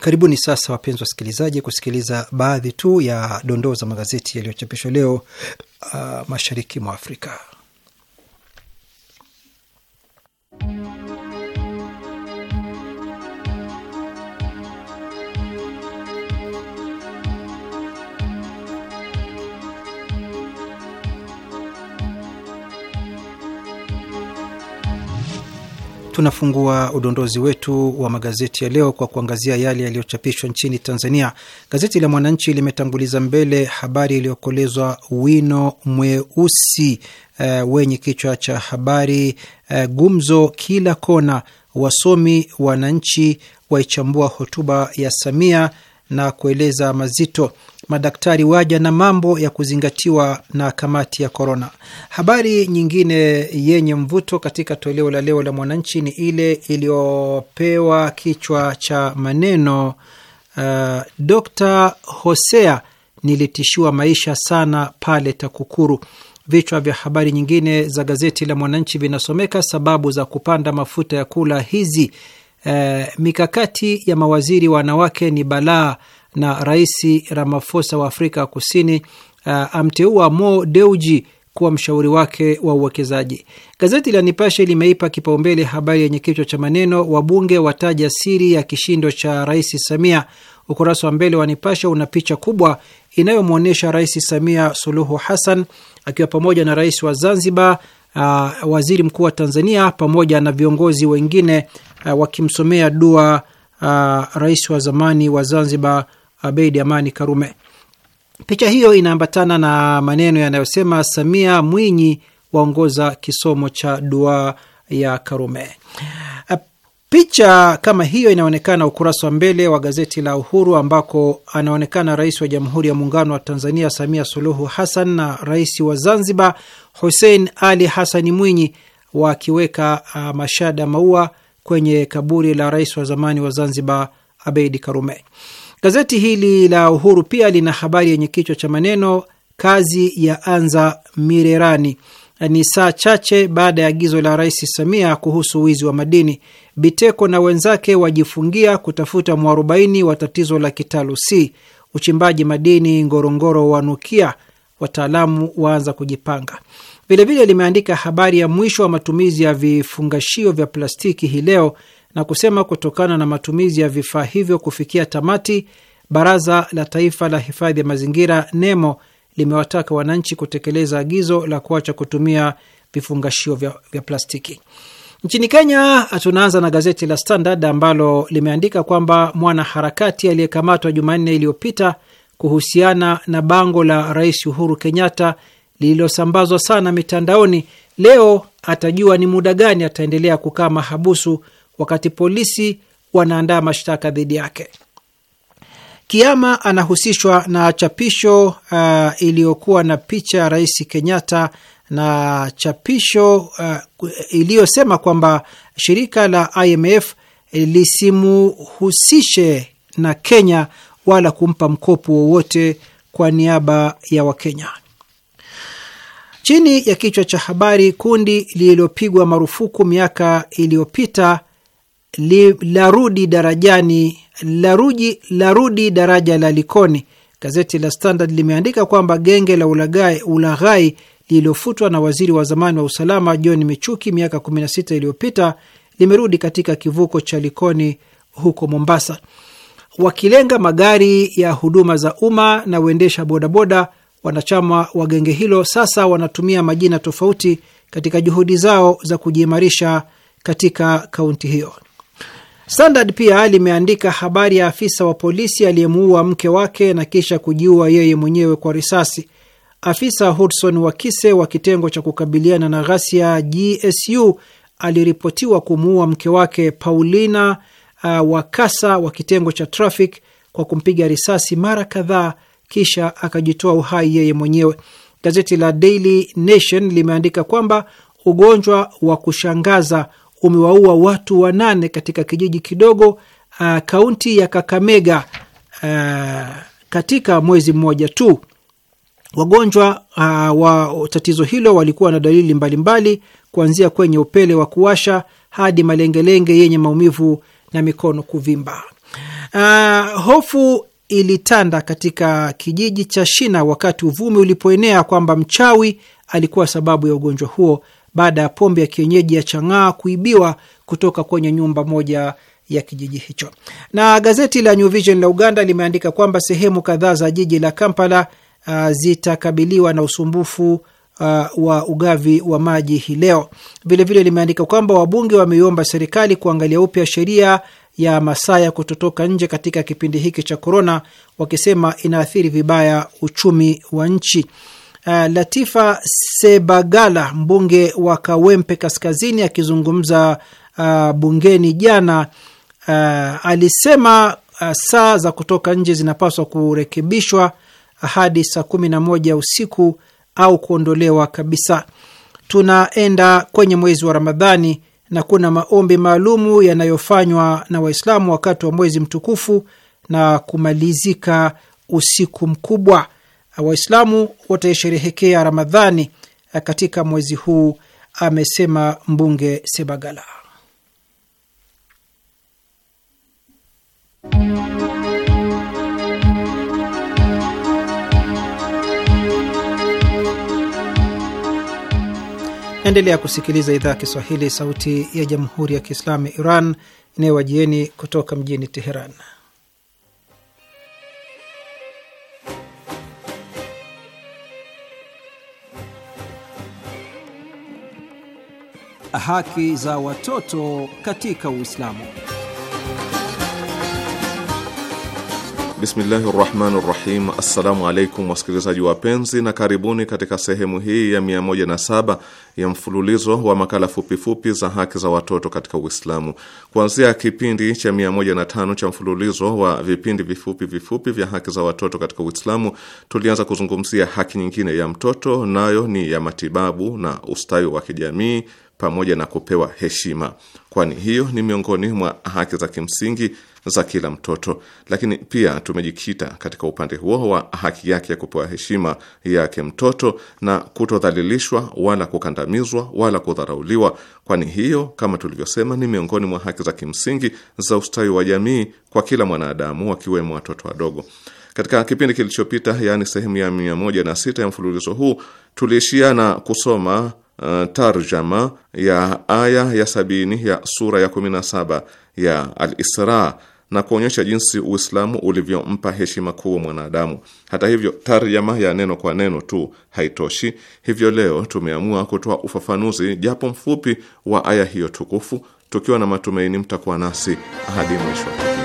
Karibuni sasa wapenzi wasikilizaji, kusikiliza baadhi tu ya dondoo za magazeti yaliyochapishwa leo uh, mashariki mwa Afrika. tunafungua udondozi wetu wa magazeti ya leo kwa kuangazia yale yaliyochapishwa nchini Tanzania. Gazeti la Mwananchi limetanguliza mbele habari iliyokolezwa wino mweusi uh, wenye kichwa cha habari uh, gumzo kila kona, wasomi wananchi waichambua hotuba ya Samia na kueleza mazito Madaktari waja na mambo ya kuzingatiwa na kamati ya korona. Habari nyingine yenye mvuto katika toleo la leo la Mwananchi ni ile iliyopewa kichwa cha maneno uh, Dr. Hosea nilitishiwa maisha sana pale TAKUKURU. Vichwa vya habari nyingine za gazeti la Mwananchi vinasomeka sababu za kupanda mafuta ya kula hizi eh, mikakati ya mawaziri wanawake ni balaa, na Rais Ramaphosa wa Afrika Kusini eh, amteua Mo Dewji kuwa mshauri wake wa uwekezaji. Gazeti la Nipashe limeipa kipaumbele habari yenye kichwa cha maneno wabunge wataja siri ya kishindo cha Rais Samia. Ukurasa wa mbele wa Nipashe una picha kubwa inayomwonyesha Rais Samia Suluhu Hassan akiwa pamoja na rais wa Zanzibar uh, waziri mkuu wa Tanzania pamoja na viongozi wengine uh, wakimsomea dua uh, rais wa zamani wa Zanzibar Abeid Amani Karume. Picha hiyo inaambatana na maneno yanayosema Samia Mwinyi waongoza kisomo cha dua ya Karume. Uh, Picha kama hiyo inaonekana ukurasa wa mbele wa gazeti la Uhuru ambako anaonekana rais wa Jamhuri ya Muungano wa Tanzania Samia Suluhu Hassan na rais wa Zanzibar Hussein Ali Hassani Mwinyi wakiweka uh, mashada maua kwenye kaburi la rais wa zamani wa Zanzibar Abeid Karume. Gazeti hili la Uhuru pia lina habari yenye kichwa cha maneno kazi ya anza Mirerani, ni saa chache baada ya agizo la Rais Samia kuhusu wizi wa madini. Biteko na wenzake wajifungia kutafuta mwarobaini wa tatizo la kitalu C. Uchimbaji madini Ngorongoro wanukia, wataalamu waanza kujipanga. Vilevile limeandika habari ya mwisho wa matumizi ya vifungashio vya plastiki hii leo na kusema kutokana na matumizi ya vifaa hivyo kufikia tamati, Baraza la Taifa la Hifadhi ya Mazingira NEMO limewataka wananchi kutekeleza agizo la kuacha kutumia vifungashio vya, vya plastiki. Nchini Kenya ah, tunaanza na gazeti la Standard ambalo limeandika kwamba mwanaharakati aliyekamatwa Jumanne iliyopita kuhusiana na bango la Rais Uhuru Kenyatta lililosambazwa sana mitandaoni, leo atajua ni muda gani ataendelea kukaa mahabusu wakati polisi wanaandaa mashtaka dhidi yake. Kiama anahusishwa na chapisho uh, iliyokuwa na picha ya Rais Kenyatta na chapisho uh, iliyosema kwamba shirika la IMF lisimuhusishe na Kenya wala kumpa mkopo wowote kwa niaba ya Wakenya. Chini ya kichwa cha habari, kundi lililopigwa marufuku miaka iliyopita larudi darajani, laruji, larudi daraja la Likoni. Gazeti la Standard limeandika kwamba genge la ulaghai lililofutwa na waziri wa zamani wa usalama John Michuki miaka 16 iliyopita limerudi katika kivuko cha Likoni huko Mombasa, wakilenga magari ya huduma za umma na uendesha bodaboda. Wanachama wa genge hilo sasa wanatumia majina tofauti katika juhudi zao za kujiimarisha katika kaunti hiyo. Standard pia limeandika habari ya afisa wa polisi aliyemuua mke wake na kisha kujiua yeye mwenyewe kwa risasi Afisa Hudson Wakise wa kitengo cha kukabiliana na ghasia GSU aliripotiwa kumuua mke wake Paulina uh, Wakasa wa kitengo cha traffic kwa kumpiga risasi mara kadhaa kisha akajitoa uhai yeye mwenyewe. Gazeti la Daily Nation limeandika kwamba ugonjwa wa kushangaza umewaua watu wanane katika kijiji kidogo uh, kaunti ya Kakamega uh, katika mwezi mmoja tu. Wagonjwa uh, wa tatizo hilo walikuwa na dalili mbalimbali kuanzia kwenye upele wa kuwasha hadi malengelenge yenye maumivu na mikono kuvimba. Uh, hofu ilitanda katika kijiji cha Shina wakati uvumi ulipoenea kwamba mchawi alikuwa sababu ya ugonjwa huo baada ya pombe ya kienyeji ya chang'aa kuibiwa kutoka kwenye nyumba moja ya kijiji hicho. Na gazeti la New Vision la Uganda limeandika kwamba sehemu kadhaa za jiji la Kampala uh, zitakabiliwa na usumbufu uh, wa ugavi wa maji hii leo. Vilevile limeandika kwamba wabunge wameiomba serikali kuangalia upya sheria ya masaa ya kutotoka nje katika kipindi hiki cha korona, wakisema inaathiri vibaya uchumi wa nchi. Uh, Latifa Sebagala, mbunge wa Kawempe Kaskazini, akizungumza uh, bungeni jana uh, alisema uh, saa za kutoka nje zinapaswa kurekebishwa hadi saa kumi na moja usiku au kuondolewa kabisa. Tunaenda kwenye mwezi wa Ramadhani na kuna maombi maalumu yanayofanywa na Waislamu wakati wa mwezi mtukufu na kumalizika usiku mkubwa. Waislamu wataisherehekea Ramadhani katika mwezi huu, amesema mbunge Sebagala. Naendelea kusikiliza idhaa ya Kiswahili, sauti ya jamhuri ya kiislamu ya Iran inayowajieni kutoka mjini Teheran. Haki za watoto katika Uislamu. Bismillahi rahmani rahim. Assalamu alaikum wasikilizaji wapenzi, na karibuni katika sehemu hii ya 107 ya mfululizo wa makala fupifupi za haki za watoto katika Uislamu. Kuanzia kipindi cha 105 cha mfululizo wa vipindi vifupi vifupi vya haki za watoto katika Uislamu, tulianza kuzungumzia haki nyingine ya mtoto, nayo ni ya matibabu na ustawi wa kijamii pamoja na kupewa heshima, kwani hiyo ni miongoni mwa haki za kimsingi za kila mtoto, lakini pia tumejikita katika upande huo wa haki yake ya kupewa heshima yake mtoto na kutodhalilishwa wala kukandamizwa wala kudharauliwa, kwani hiyo kama tulivyosema ni miongoni mwa haki za kimsingi za ustawi wa jamii kwa kila mwanadamu, wakiwemo watoto wadogo. Katika kipindi kilichopita, yaani sehemu ya mia moja na sita ya mfululizo huu tuliishia na kusoma uh, tarjama ya aya ya sabini ya sura ya kumi na saba ya Al-Isra na kuonyesha jinsi Uislamu ulivyompa heshima kuu mwanadamu. Hata hivyo, tarjama ya neno kwa neno tu haitoshi, hivyo leo tumeamua kutoa ufafanuzi japo mfupi wa aya hiyo tukufu, tukiwa na matumaini mtakuwa nasi hadi mwisho wa pensi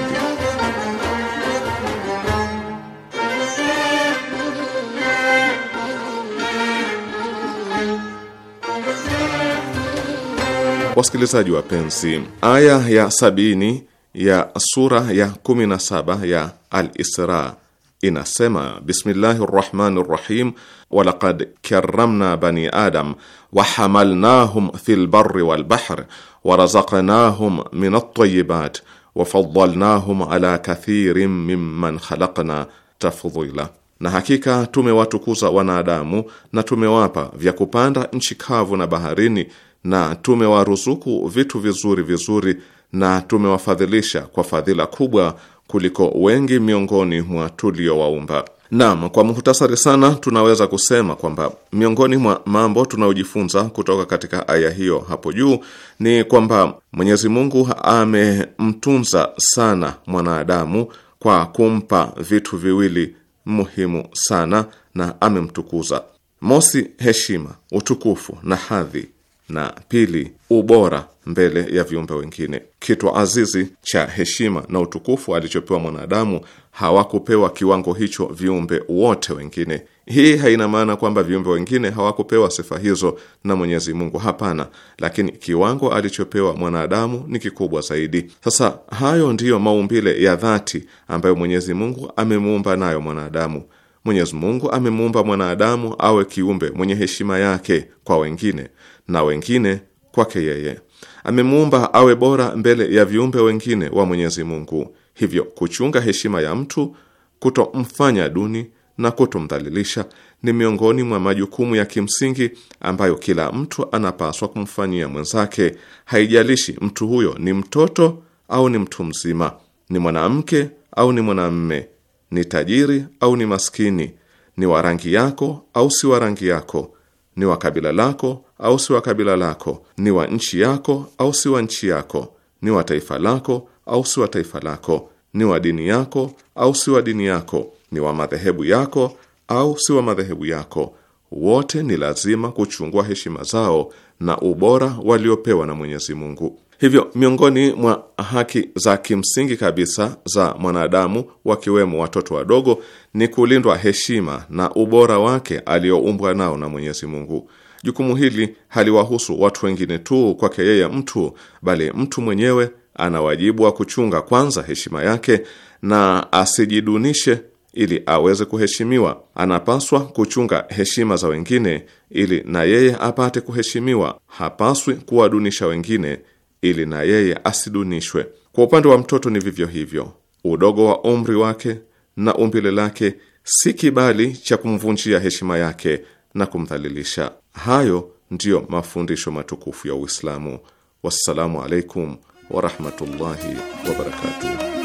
Wasikilizaji wapenzi, aya ya sabini ya sura ya 17 ya Al-Isra inasema: bismillahi rahmani rahim walaqad karamna bani adam wahamalnahum fi lbari walbahr warazaqnahum min altayibat wafadalnahum ala kathirin mimman khalaqna tafdhila, na hakika tumewatukuza wanadamu na tumewapa vya kupanda nchi kavu na baharini na tumewaruzuku vitu vizuri vizuri na tumewafadhilisha kwa fadhila kubwa kuliko wengi miongoni mwa tuliowaumba. Naam, kwa muhtasari sana tunaweza kusema kwamba miongoni mwa mambo tunayojifunza kutoka katika aya hiyo hapo juu ni kwamba Mwenyezi Mungu amemtunza sana mwanadamu kwa kumpa vitu viwili muhimu sana na amemtukuza. Mosi, heshima, utukufu na hadhi na pili, ubora mbele ya viumbe wengine. Kitwa azizi cha heshima na utukufu alichopewa mwanadamu hawakupewa kiwango hicho viumbe wote wengine. Hii haina maana kwamba viumbe wengine hawakupewa sifa hizo na Mwenyezi Mungu, hapana, lakini kiwango alichopewa mwanadamu ni kikubwa zaidi. Sasa hayo ndiyo maumbile ya dhati ambayo Mwenyezi Mungu amemuumba nayo mwanadamu. Mwenyezi Mungu amemuumba mwanadamu awe kiumbe mwenye heshima yake kwa wengine na wengine kwake yeye. Amemuumba awe bora mbele ya viumbe wengine wa Mwenyezi Mungu. Hivyo kuchunga heshima ya mtu, kutomfanya duni na kutomdhalilisha ni miongoni mwa majukumu ya kimsingi ambayo kila mtu anapaswa kumfanyia mwenzake, haijalishi mtu huyo ni mtoto au ni mtu mzima, ni mwanamke au ni mwanamme ni tajiri au ni maskini, ni wa rangi yako au si wa rangi yako, ni wa kabila lako au si wa kabila lako, ni wa nchi yako au si wa nchi yako, ni wa taifa lako au si wa taifa lako, ni wa dini yako au si wa dini yako, ni wa madhehebu yako au si wa madhehebu yako, wote ni lazima kuchungua heshima zao na ubora waliopewa na Mwenyezi Mungu. Hivyo, miongoni mwa haki za kimsingi kabisa za mwanadamu, wakiwemo watoto wadogo, ni kulindwa heshima na ubora wake aliyoumbwa nao na Mwenyezi Mungu. Jukumu hili haliwahusu watu wengine tu kwake yeye mtu, bali mtu mwenyewe ana wajibu wa kuchunga kwanza heshima yake na asijidunishe ili aweze kuheshimiwa. Anapaswa kuchunga heshima za wengine ili na yeye apate kuheshimiwa. Hapaswi kuwadunisha wengine ili na yeye asidunishwe. Kwa upande wa mtoto ni vivyo hivyo, udogo wa umri wake na umbile lake si kibali cha kumvunjia heshima yake na kumdhalilisha. Hayo ndiyo mafundisho matukufu ya Uislamu. Wassalamu alaikum warahmatullahi wabarakatuh.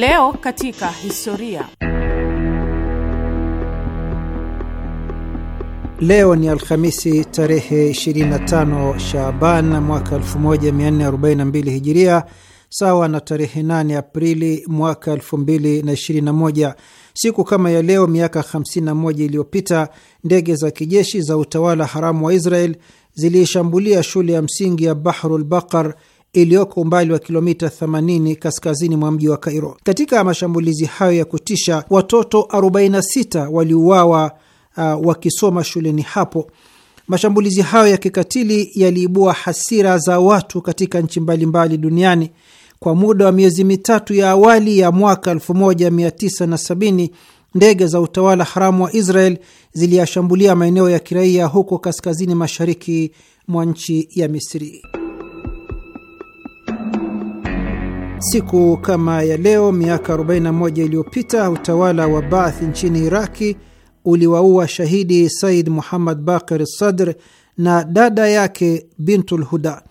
Leo katika historia. Leo ni Alhamisi tarehe 25 Shaaban mwaka 1442 Hijiria, sawa na tarehe 8 Aprili mwaka 2021. Siku kama ya leo miaka 51 iliyopita ndege za kijeshi za utawala haramu wa Israel ziliishambulia shule ya msingi ya Bahrul Baqar iliyoko umbali wa kilomita 80 kaskazini mwa mji wa cairo Katika mashambulizi hayo ya kutisha, watoto 46 waliuawa uh, wakisoma shuleni hapo. Mashambulizi hayo ya kikatili yaliibua hasira za watu katika nchi mbalimbali duniani. Kwa muda wa miezi mitatu ya awali ya mwaka 1970 ndege za utawala haramu wa Israel ziliyashambulia maeneo ya kiraia huko kaskazini mashariki mwa nchi ya Misri. Siku kama ya leo miaka 41 iliyopita utawala wa Baath nchini Iraki uliwaua shahidi Said Muhammad Bakir Sadr na dada yake Bintul Huda.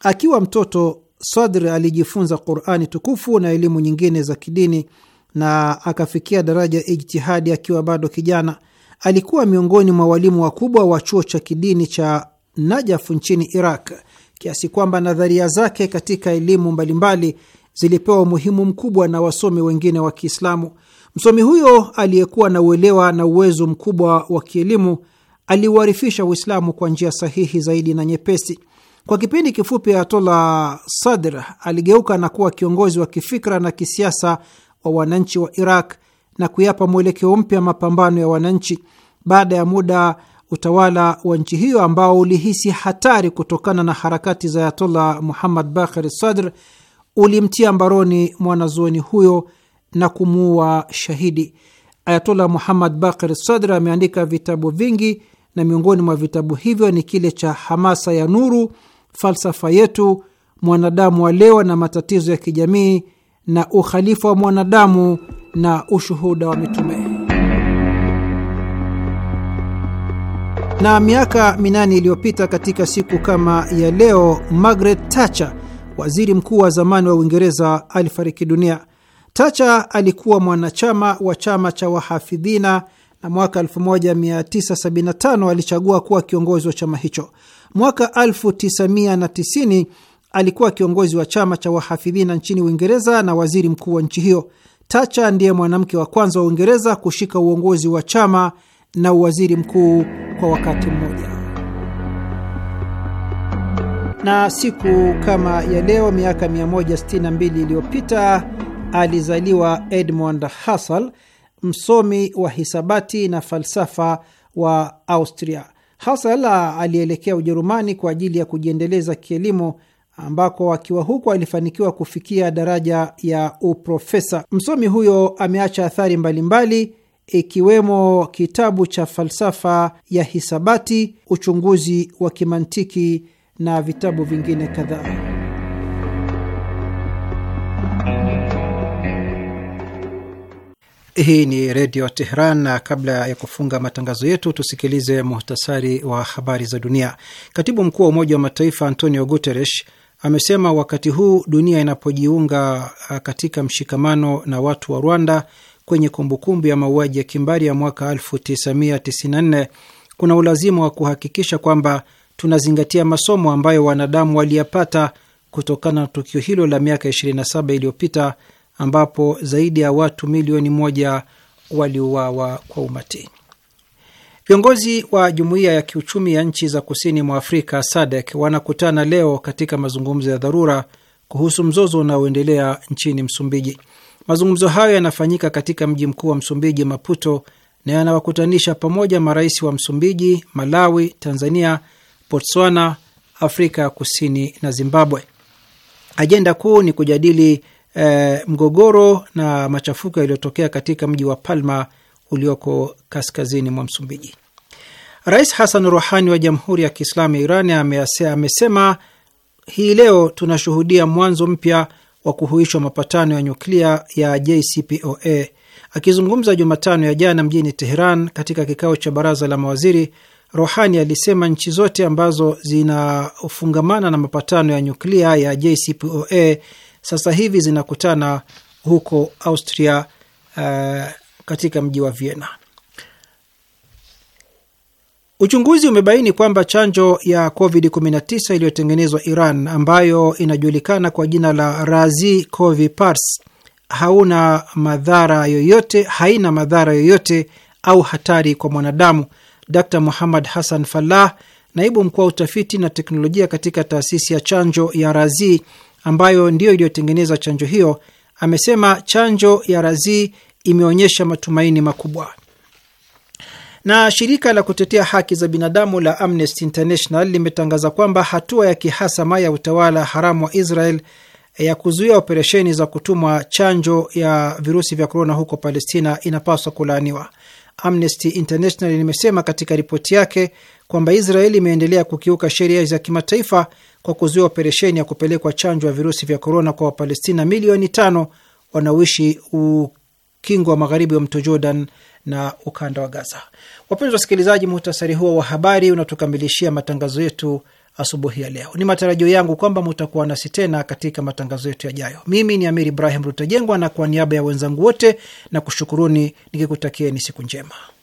Akiwa mtoto, Sadr alijifunza Qurani tukufu na elimu nyingine za kidini na akafikia daraja ijtihadi akiwa bado kijana. Alikuwa miongoni mwa walimu wakubwa wa chuo cha kidini cha Najafu nchini Iraq, kiasi kwamba nadharia zake katika elimu mbalimbali zilipewa umuhimu mkubwa na wasomi wengine wa Kiislamu. Msomi huyo aliyekuwa na uelewa na uwezo mkubwa wa kielimu aliuharifisha Uislamu kwa njia sahihi zaidi na nyepesi. Kwa kipindi kifupi, Ayatollah Sadr aligeuka na kuwa kiongozi wa kifikra na kisiasa wa wananchi wa Iraq na kuyapa mwelekeo mpya mapambano ya wananchi. Baada ya muda, utawala wa nchi hiyo ambao ulihisi hatari kutokana na harakati za Ayatollah Muhammad Baqir Sadr ulimtia mbaroni mwanazuoni huyo na kumuua shahidi. Ayatola Muhammad bakr Sadr ameandika vitabu vingi na miongoni mwa vitabu hivyo ni kile cha Hamasa ya Nuru, Falsafa Yetu, Mwanadamu wa Leo na Matatizo ya Kijamii, na Ukhalifa wa Mwanadamu na Ushuhuda wa Mitume. Na miaka minane iliyopita katika siku kama ya leo, Margaret Thatcher waziri mkuu wa zamani wa Uingereza, alifariki dunia. Tacha alikuwa mwanachama wa chama cha wahafidhina na mwaka 1975 alichagua kuwa kiongozi wa chama hicho. Mwaka 1990 alikuwa kiongozi wa chama cha wahafidhina nchini Uingereza na waziri mkuu wa nchi hiyo. Tacha ndiye mwanamke wa kwanza wa Uingereza kushika uongozi wa chama na uwaziri mkuu kwa wakati mmoja na siku kama ya leo miaka 162 iliyopita alizaliwa Edmund Husserl, msomi wa hisabati na falsafa wa Austria. Husserl ah, alielekea Ujerumani kwa ajili ya kujiendeleza kielimu ambako akiwa huko alifanikiwa kufikia daraja ya uprofesa. Msomi huyo ameacha athari mbalimbali ikiwemo kitabu cha falsafa ya hisabati, uchunguzi wa kimantiki na vitabu vingine kadhaa. Hii ni Redio Teheran, na kabla ya kufunga matangazo yetu tusikilize muhtasari wa habari za dunia. Katibu mkuu wa Umoja wa Mataifa Antonio Guterres amesema wakati huu dunia inapojiunga uh, katika mshikamano na watu wa Rwanda kwenye kumbukumbu ya mauaji ya kimbari ya mwaka 1994 kuna ulazima wa kuhakikisha kwamba tunazingatia masomo ambayo wanadamu waliyapata kutokana na tukio hilo la miaka 27 iliyopita ambapo zaidi ya watu milioni moja waliuawa kwa umati. Viongozi wa jumuiya ya kiuchumi ya nchi za kusini mwa Afrika SADC wanakutana leo katika mazungumzo ya dharura kuhusu mzozo unaoendelea nchini Msumbiji. Mazungumzo hayo yanafanyika katika mji mkuu wa Msumbiji, Maputo, na yanawakutanisha pamoja marais wa Msumbiji, Malawi, Tanzania Botswana, Afrika ya Kusini na Zimbabwe. Ajenda kuu ni kujadili e, mgogoro na machafuko yaliyotokea katika mji wa Palma ulioko kaskazini mwa Msumbiji. Rais Hassan Rouhani wa Jamhuri ya Kiislamu ya Iran amesema hii leo tunashuhudia mwanzo mpya wa kuhuishwa mapatano ya nyuklia ya JCPOA. Akizungumza Jumatano ya jana mjini Teheran katika kikao cha baraza la mawaziri, Rohani alisema nchi zote ambazo zinafungamana na mapatano ya nyuklia ya JCPOA sasa hivi zinakutana huko Austria, uh, katika mji wa Vienna. Uchunguzi umebaini kwamba chanjo ya COVID-19 iliyotengenezwa Iran ambayo inajulikana kwa jina la Razi Covi Pars hauna madhara yoyote, haina madhara yoyote au hatari kwa mwanadamu Dr Muhammad Hassan Fallah, naibu mkuu wa utafiti na teknolojia katika taasisi ya chanjo ya Razi ambayo ndiyo iliyotengeneza chanjo hiyo, amesema chanjo ya Razi imeonyesha matumaini makubwa. Na shirika la kutetea haki za binadamu la Amnesty International limetangaza kwamba hatua ya kihasama ya utawala haramu wa Israel ya kuzuia operesheni za kutumwa chanjo ya virusi vya korona huko Palestina inapaswa kulaaniwa. Amnesty International limesema katika ripoti yake kwamba Israeli imeendelea kukiuka sheria za kimataifa kwa kuzuia operesheni ya kupelekwa chanjo ya virusi vya korona kwa Wapalestina milioni tano wanaoishi ukingo wa magharibi wa mto Jordan na ukanda wa Gaza. Wapenzi wasikilizaji, muhtasari huo wa habari unatukamilishia matangazo yetu asubuhi ya leo. Ni matarajio yangu kwamba mutakuwa nasi tena katika matangazo yetu yajayo. Mimi ni Amir Ibrahim Rutajengwa, na kwa niaba ya wenzangu wote na kushukuruni nikikutakieni siku njema.